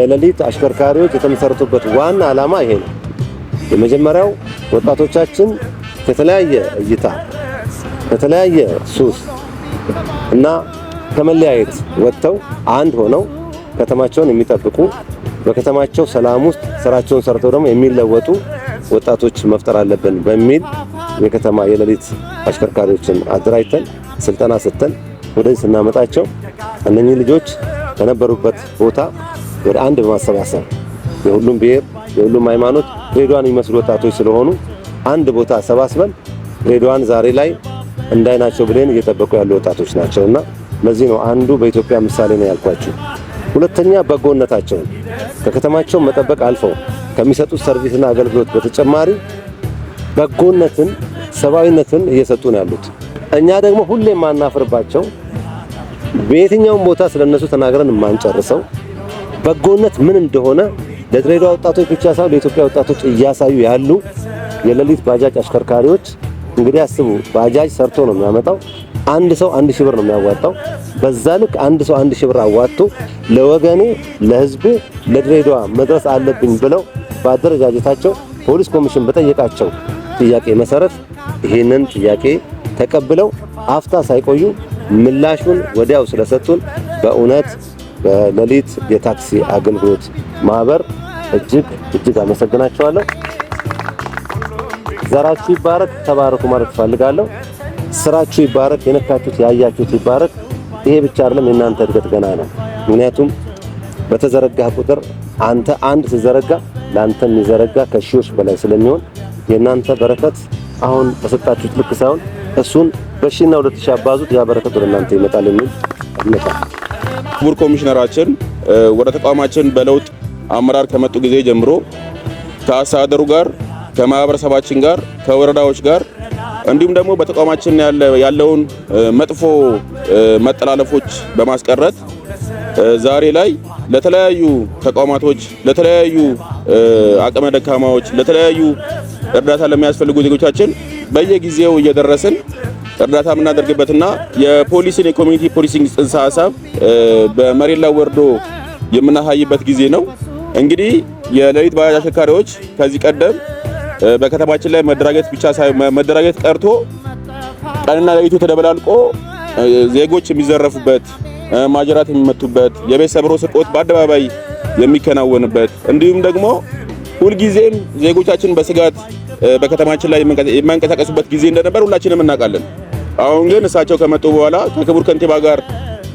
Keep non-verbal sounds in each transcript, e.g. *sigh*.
የሌሊት አሽከርካሪዎች የተመሰረቱበት ዋና ዓላማ ይሄ ነው። የመጀመሪያው ወጣቶቻችን ከተለያየ እይታ፣ ከተለያየ ሱስ እና ከመለያየት ወጥተው አንድ ሆነው ከተማቸውን የሚጠብቁ በከተማቸው ሰላም ውስጥ ስራቸውን ሰርተው ደግሞ የሚለወጡ ወጣቶች መፍጠር አለብን በሚል የከተማ የሌሊት አሽከርካሪዎችን አደራጅተን ስልጠና ሰጥተን ወደዚህ ስናመጣቸው እነኚህ ልጆች ከነበሩበት ቦታ ወደ አንድ በማሰባሰብ የሁሉም ብሔር የሁሉም ሃይማኖት ሬድዋን የሚመስሉ ወጣቶች ስለሆኑ አንድ ቦታ አሰባስበን ሬድዋን ዛሬ ላይ እንዳይናቸው ብለን እየጠበቁ ያሉ ወጣቶች ናቸው እና ለዚህ ነው አንዱ በኢትዮጵያ ምሳሌ ነው ያልኳችሁ። ሁለተኛ በጎነታቸውን ከከተማቸው መጠበቅ አልፈው ከሚሰጡት ሰርቪስና አገልግሎት በተጨማሪ በጎነትን፣ ሰብአዊነትን እየሰጡ ነው ያሉት። እኛ ደግሞ ሁሌ የማናፍርባቸው በየትኛውም ቦታ ስለነሱ ተናግረን የማንጨርሰው በጎነት ምን እንደሆነ ለድሬዳዋ ወጣቶች ብቻ ሳይሆን ለኢትዮጵያ ወጣቶች እያሳዩ ያሉ የሌሊት ባጃጅ አሽከርካሪዎች እንግዲህ አስቡ፣ ባጃጅ ሰርቶ ነው የሚያመጣው። አንድ ሰው አንድ ሺህ ብር ነው የሚያዋጣው። በዛ ልክ አንድ ሰው አንድ ሺህ ብር አዋጥቶ ለወገኔ፣ ለህዝቤ፣ ለድሬዳዋ መድረስ አለብኝ ብለው በአደረጃጀታቸው ፖሊስ ኮሚሽን በጠየቃቸው ጥያቄ መሰረት ይህንን ጥያቄ ተቀብለው አፍታ ሳይቆዩ ምላሹን ወዲያው ስለሰጡን በእውነት በሌሊት የታክሲ አገልግሎት ማህበር እጅግ እጅግ አመሰግናቸዋለሁ። ዘራችሁ ይባረክ፣ ተባረኩ ማለት እፈልጋለሁ። ስራችሁ ይባረክ፣ የነካችሁት ያያችሁት ይባረክ። ይሄ ብቻ አይደለም፣ የእናንተ እድገት ገና ነው። ምክንያቱም በተዘረጋ ቁጥር አንተ አንድ ተዘረጋ ለአንተ የሚዘረጋ ከሺዎች በላይ ስለሚሆን የእናንተ በረከት አሁን በሰጣችሁት ልክ ሳይሆን እሱን በሺና ሁለት አባዙት ያ በረከት ወደ እናንተ ይመጣል የሚል እምነት ክቡር ኮሚሽነራችን ወደ ተቋማችን በለውጥ አመራር ከመጡ ጊዜ ጀምሮ ከአስተዳደሩ ጋር ከማህበረሰባችን ጋር ከወረዳዎች ጋር እንዲሁም ደግሞ በተቋማችን ያለውን መጥፎ መጠላለፎች በማስቀረት ዛሬ ላይ ለተለያዩ ተቋማቶች፣ ለተለያዩ አቅመ ደካማዎች፣ ለተለያዩ እርዳታ ለሚያስፈልጉ ዜጎቻችን በየጊዜው እየደረስን እርዳታ የምናደርግበትና የፖሊሲን የኮሚኒቲ ፖሊሲንግ ጽንሰ ሀሳብ በመሬት ላይ ወርዶ የምናሳይበት ጊዜ ነው። እንግዲህ የሌሊት ባጃጅ አሽከርካሪዎች ከዚህ ቀደም በከተማችን ላይ መደራጀት ብቻ ሳይሆን መደራጀት ቀርቶ ቀንና ሌሊቱ ተደበላልቆ ዜጎች የሚዘረፉበት፣ ማጅራት የሚመቱበት፣ የቤት ሰብሮ ስርቆት በአደባባይ የሚከናወንበት እንዲሁም ደግሞ ሁልጊዜም ዜጎቻችን በስጋት በከተማችን ላይ የማንቀሳቀሱበት ጊዜ እንደነበር ሁላችንም እናውቃለን። አሁን ግን እሳቸው ከመጡ በኋላ ከክቡር ከንቲባ ጋር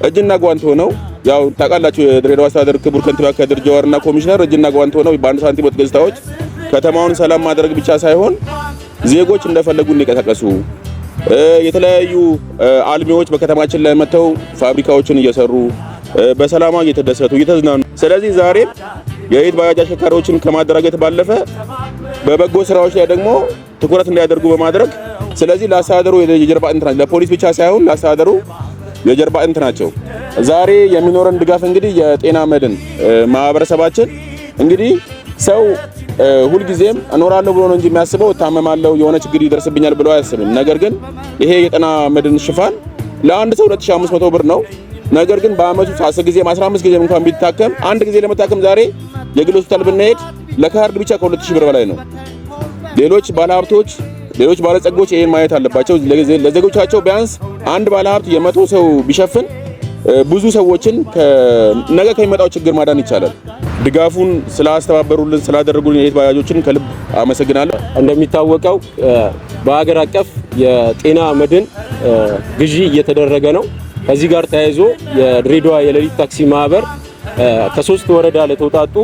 እጅና ጓንት ሆነው ያው ታውቃላችሁ የድሬዳዋ አስተዳደር ክቡር ከንቲባ ከድር ጀዋርና ኮሚሽነር እጅና ጓንት ሆነው በአንድ ሳንቲም ወጥ ገጽታዎች ከተማውን ሰላም ማድረግ ብቻ ሳይሆን ዜጎች እንደፈለጉ እንዲቀሳቀሱ የተለያዩ አልሚዎች በከተማችን ላይ መጥተው ፋብሪካዎችን እየሰሩ በሰላማ እየተደሰቱ እየተዝናኑ ስለዚህ ዛሬ የኢድ ባጃጅ አሽከርካሪዎችን ከማደራጀት ባለፈ በበጎ ስራዎች ላይ ደግሞ ትኩረት እንዲያደርጉ በማድረግ ስለዚህ ለአስተዳደሩ የጀርባ አጥንት ናቸው። ለፖሊስ ብቻ ሳይሆን ለአስተዳደሩ የጀርባ አጥንት ናቸው። ዛሬ የሚኖረን ድጋፍ እንግዲህ የጤና መድን ማህበረሰባችን እንግዲህ ሰው ሁልጊዜም እኖራለሁ ብሎ ነው እንጂ የሚያስበው እታመማለሁ፣ የሆነ ችግር ይደርስብኛል ብሎ አያስብም። ነገር ግን ይሄ የጤና መድን ሽፋን ለአንድ ሰው 2500 ብር ነው። ነገር ግን በአመቱ 10 ጊዜ 15 ጊዜ እንኳን ቢታከም አንድ ጊዜ ለመታከም ዛሬ የግል ሆስፒታል ብንሄድ ለካርድ ብቻ ከ2000 ብር በላይ ነው። ሌሎች ባለሀብቶች፣ ሌሎች ባለጸጎች ይሄን ማየት አለባቸው። ለዜጎቻቸው ቢያንስ አንድ ባለሀብት የመቶ ሰው ቢሸፍን ብዙ ሰዎችን ነገ ከሚመጣው ችግር ማዳን ይቻላል። ድጋፉን ስላስተባበሩልን ስላደረጉልን የቤት ባጃጆችን ከልብ አመሰግናለሁ። እንደሚታወቀው በሀገር አቀፍ የጤና መድን ግዢ እየተደረገ ነው። ከዚህ ጋር ተያይዞ የድሬዳዋ የሌሊት ታክሲ ማህበር ከሶስት ወረዳ ለተውጣጡ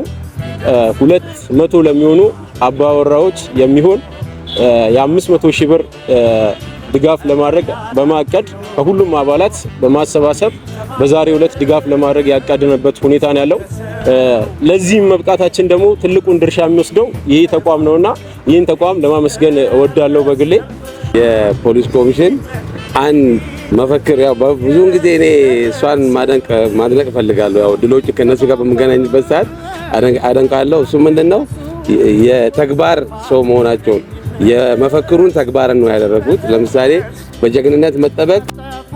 ሁለት መቶ ለሚሆኑ አባወራዎች የሚሆን የአምስት መቶ ሺህ ብር ድጋፍ ለማድረግ በማቀድ ከሁሉም አባላት በማሰባሰብ በዛሬ ዕለት ድጋፍ ለማድረግ ያቀድንበት ሁኔታ ነው ያለው። ለዚህም መብቃታችን ደግሞ ትልቁን ድርሻ የሚወስደው ይህ ተቋም ነውና ይህን ተቋም ለማመስገን እወዳለሁ። በግሌ የፖሊስ ኮሚሽን አንድ መፈክር ያው ብዙውን ጊዜ እኔ እሷን ማደንቅ ማድነቅ እፈልጋለሁ። ያው ድሎች ከነሱ ጋር በምገናኝበት ሰዓት አደንቃለሁ። እሱ ምንድነው የተግባር ሰው መሆናቸውን የመፈክሩን ተግባርን ነው ያደረጉት። ለምሳሌ በጀግንነት መጠበቅ፣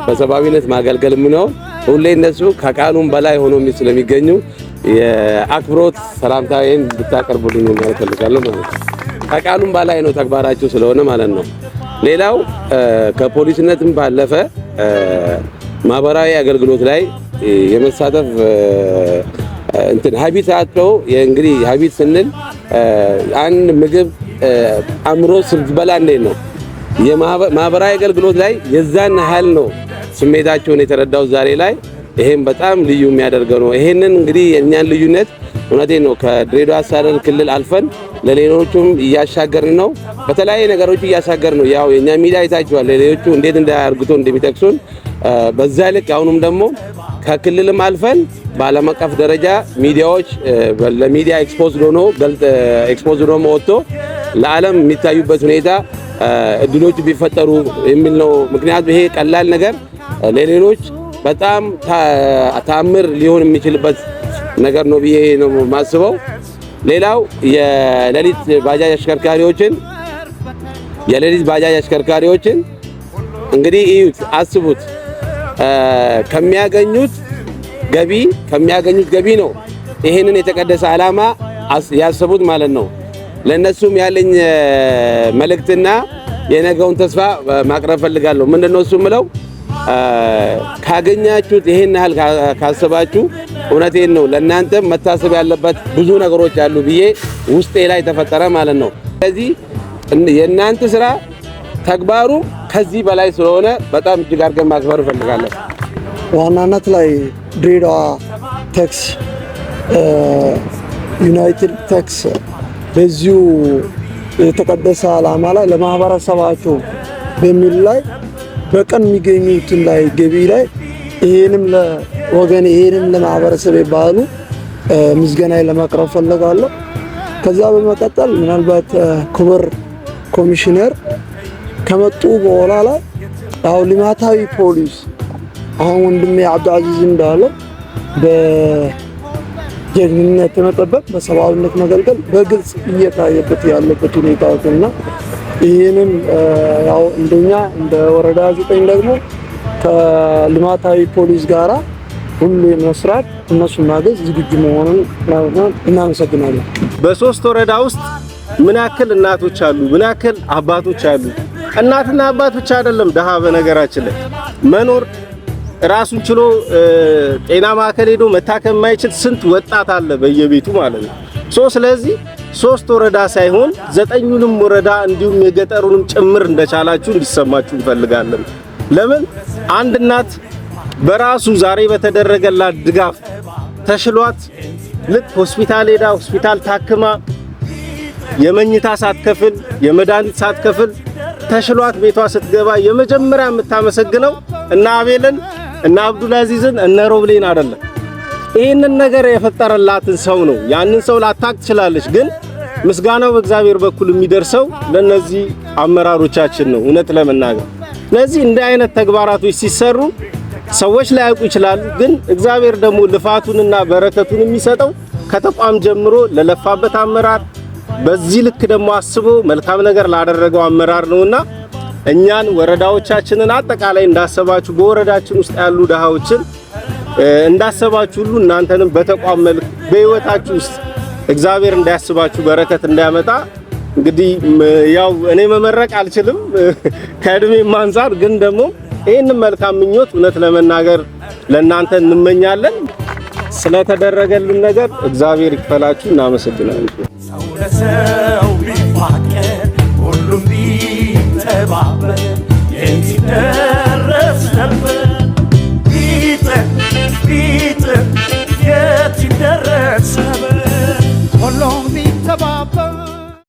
በሰብአዊነት ማገልገል ምነው ሁሌ እነሱ ከቃሉም በላይ ሆኖ ስለሚገኙ የአክብሮት ሰላምታዬን ብታቀርቡልኝ ማለት እፈልጋለሁ ማለት ነው። ከቃሉም በላይ ነው ተግባራቸው ስለሆነ ማለት ነው። ሌላው ከፖሊስነትም ባለፈ ማህበራዊ አገልግሎት ላይ የመሳተፍ እንትን ሀቢት አጥቶ እንግዲህ ሀቢት ስንል አንድ ምግብ አእምሮ ስትበላ እንዴት ነው ማህበራዊ አገልግሎት ላይ የዛን ያህል ነው ስሜታቸውን የተረዳው ዛሬ ላይ ይሄን በጣም ልዩ የሚያደርገው ነው። ይሄንን እንግዲህ የእኛን ልዩነት እውነቴ ነው ከድሬዳዋ አስተዳደር ክልል አልፈን ለሌሎቹም እያሻገርን ነው። በተለያየ ነገሮች እያሻገር ነው። ያው የእኛ ሚዲያ አይታችኋል፣ ለሌሎቹ እንዴት እንዳርግቶ እንደሚጠቅሱን በዛ ልክ አሁንም ደግሞ ከክልልም አልፈን በዓለም አቀፍ ደረጃ ሚዲያዎች ለሚዲያ ኤክስፖዝ ሆኖ ኤክስፖዝ ሆኖ ወጥቶ ለዓለም የሚታዩበት ሁኔታ እድሎች ቢፈጠሩ የሚል ነው። ምክንያቱም ይሄ ቀላል ነገር ለሌሎች በጣም ታምር ሊሆን የሚችልበት ነገር ነው ብዬ ነው ማስበው። ሌላው የሌሊት ባጃጅ አሽከርካሪዎችን የሌሊት ባጃጅ አሽከርካሪዎችን እንግዲህ እዩት፣ አስቡት ከሚያገኙት ገቢ ከሚያገኙት ገቢ ነው ይሄንን የተቀደሰ ዓላማ ያሰቡት ማለት ነው። ለእነሱም ያለኝ መልእክትና የነገውን ተስፋ ማቅረብ ፈልጋለሁ። ምንድነው እሱ ምለው ካገኛችሁት ይሄን ያህል ካሰባችሁ እውነቴን ነው ለእናንተ መታሰብ ያለበት ብዙ ነገሮች አሉ ብዬ ውስጤ ላይ ተፈጠረ ማለት ነው። ስለዚህ የእናንተ ስራ ተግባሩ ከዚህ በላይ ስለሆነ በጣም እጅግ አድርገን ማክበር እፈልጋለን። ዋናነት ላይ ድሬዳዋ ታክስ ዩናይትድ ታክስ በዚሁ የተቀደሰ ዓላማ ላይ ለማህበረሰባቸው በሚል ላይ በቀን የሚገኙትን ላይ ገቢ ላይ ይሄንም ለወገን ይሄንም ለማህበረሰብ ባህሉ ምስጋና ለማቅረብ ፈለጋለሁ። ከዛ በመቀጠል ምናልባት ክቡር ኮሚሽነር ከመጡ በኋላ ላይ ያው ልማታዊ ፖሊስ አሁን ወንድሜ አብዱልአዚዝ እንዳለው በጀግንነት መጠበቅ፣ በሰብአዊነት መገልገል በግልጽ እየታየበት ያለበት ሁኔታዎችና ይህንን ያው እንደኛ እንደ ወረዳ ዘጠኝ ደግሞ ከልማታዊ ፖሊስ ጋራ ሁሉ የመስራት እነሱን ማገዝ ዝግጁ መሆኑን እናመሰግናለን። በሶስት ወረዳ ውስጥ ምን ያክል እናቶች አሉ? ምን ያክል አባቶች አሉ? እናትና አባት ብቻ አይደለም ድሃ። በነገራችን ላይ መኖር ራሱን ችሎ ጤና ማዕከል ሄዶ መታከም የማይችል ስንት ወጣት አለ በየቤቱ ማለት ነው። ሶ ስለዚህ ሶስት ወረዳ ሳይሆን ዘጠኙንም ወረዳ እንዲሁም የገጠሩንም ጭምር እንደቻላችሁ እንዲሰማችሁ እንፈልጋለን። ለምን አንድ እናት በራሱ ዛሬ በተደረገላት ድጋፍ ተሽሏት ልክ ሆስፒታል ሄዳ ሆስፒታል ታክማ የመኝታ ሳትከፍል የመድኃኒት ሳትከፍል ተሽሏት ቤቷ ስትገባ የመጀመሪያ የምታመሰግነው እና አቤልን እና አብዱል አዚዝን እነ ሮብሌን አይደለም። ይህንን ነገር የፈጠረላትን ሰው ነው። ያንን ሰው ላታቅ ትችላለች፣ ግን ምስጋናው በእግዚአብሔር በኩል የሚደርሰው ለነዚህ አመራሮቻችን ነው። እውነት ለመናገር ስለዚህ እንዲህ አይነት ተግባራቶች ሲሰሩ ሰዎች ላያውቁ ይችላሉ፣ ግን እግዚአብሔር ደግሞ ልፋቱንና በረከቱን የሚሰጠው ከተቋም ጀምሮ ለለፋበት አመራር በዚህ ልክ ደግሞ አስቦ መልካም ነገር ላደረገው አመራር ነውና እኛን ወረዳዎቻችንን አጠቃላይ እንዳሰባችሁ በወረዳችን ውስጥ ያሉ ድሃዎችን እንዳሰባችሁ ሁሉ እናንተንም በተቋም መልክ በህይወታችሁ ውስጥ እግዚአብሔር እንዳያስባችሁ በረከት እንዳያመጣ እንግዲህ ያው እኔ መመረቅ አልችልም *laughs* ከእድሜ አንጻር፣ ግን ደግሞ ይህንን መልካም ምኞት እውነት ለመናገር ለእናንተ እንመኛለን። ስለተደረገልን ነገር እግዚአብሔር ይክፈላችሁ። እናመሰግናለን። ሰው ለሰው ቢፋቀር ሁሉም ቢተባበር የሚደረስ ነበር። ti.